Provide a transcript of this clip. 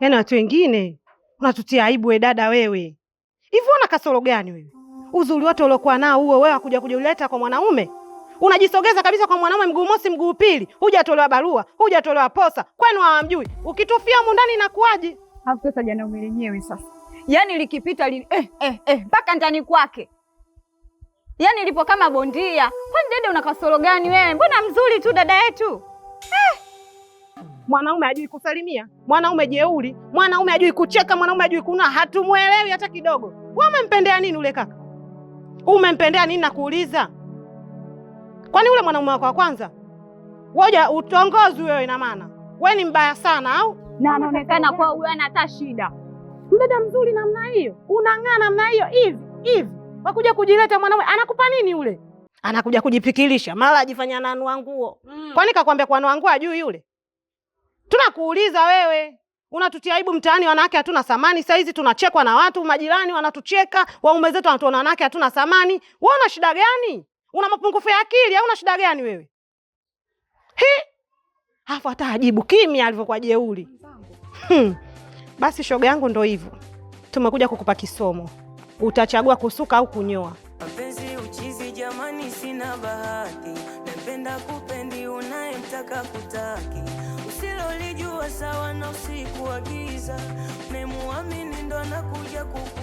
Yaani watu wengine unatutia aibu we dada wewe. Hivi una kasoro gani wewe? Uzuri wote uliokuwa nao huo wewe hakuja kujileta kwa mwanaume. Unajisogeza kabisa kwa mwanaume mguu mosi mguu pili. Hujatolewa barua, hujatolewa posa. Kwenu hawamjui. Ukitufia humu ndani inakuaje? Hapo sasa jana umelenyewe sasa. Yaani likipita li eh eh eh mpaka ndani kwake. Yaani lipo kama bondia. Kwani dede una kasoro gani wewe? Mbona mzuri tu dada yetu? Mwanaume ajui kusalimia, mwanaume jeuri, mwanaume ajui kucheka, mwanaume ajui kuna, Hatumwelewi hata kidogo. Wewe umempendea nini ule kaka? Umempendea nini nakuuliza? Kwani ule mwanaume wako wa kwanza woja utongozi wewe, ina maana wewe ni mbaya sana au? Na anaonekana kwa huyo ana hata shida. Mdada mzuri namna hiyo, unang'aa namna hiyo, hivi hivi wakuja kujileta mwanaume, anakupa nini ule? Anakuja kujipikilisha, mara ajifanya nanua nguo. Mm. Kwani kakwambia kuanua nguo ajui yule? Tunakuuliza wewe, unatutia aibu mtaani. Wanawake hatuna thamani, Sasa hizi tunachekwa na watu, majirani wanatucheka, waume zetu wanatuona wanawake hatuna thamani. Wewe una shida gani? Una mapungufu ya akili au una shida gani wewe? Hi! Alafu hata ajibu kimya alivyokuwa jeuri. Hmm. Basi shoga yangu ndo hivyo. Tumekuja kukupa kisomo. Utachagua kusuka au kunyoa. Mapenzi uchizi jamani, sina bahati. Napenda kupendi unayemtaka kutaki sawa na usiku wa giza, unayemuamini ndo anakuja kuku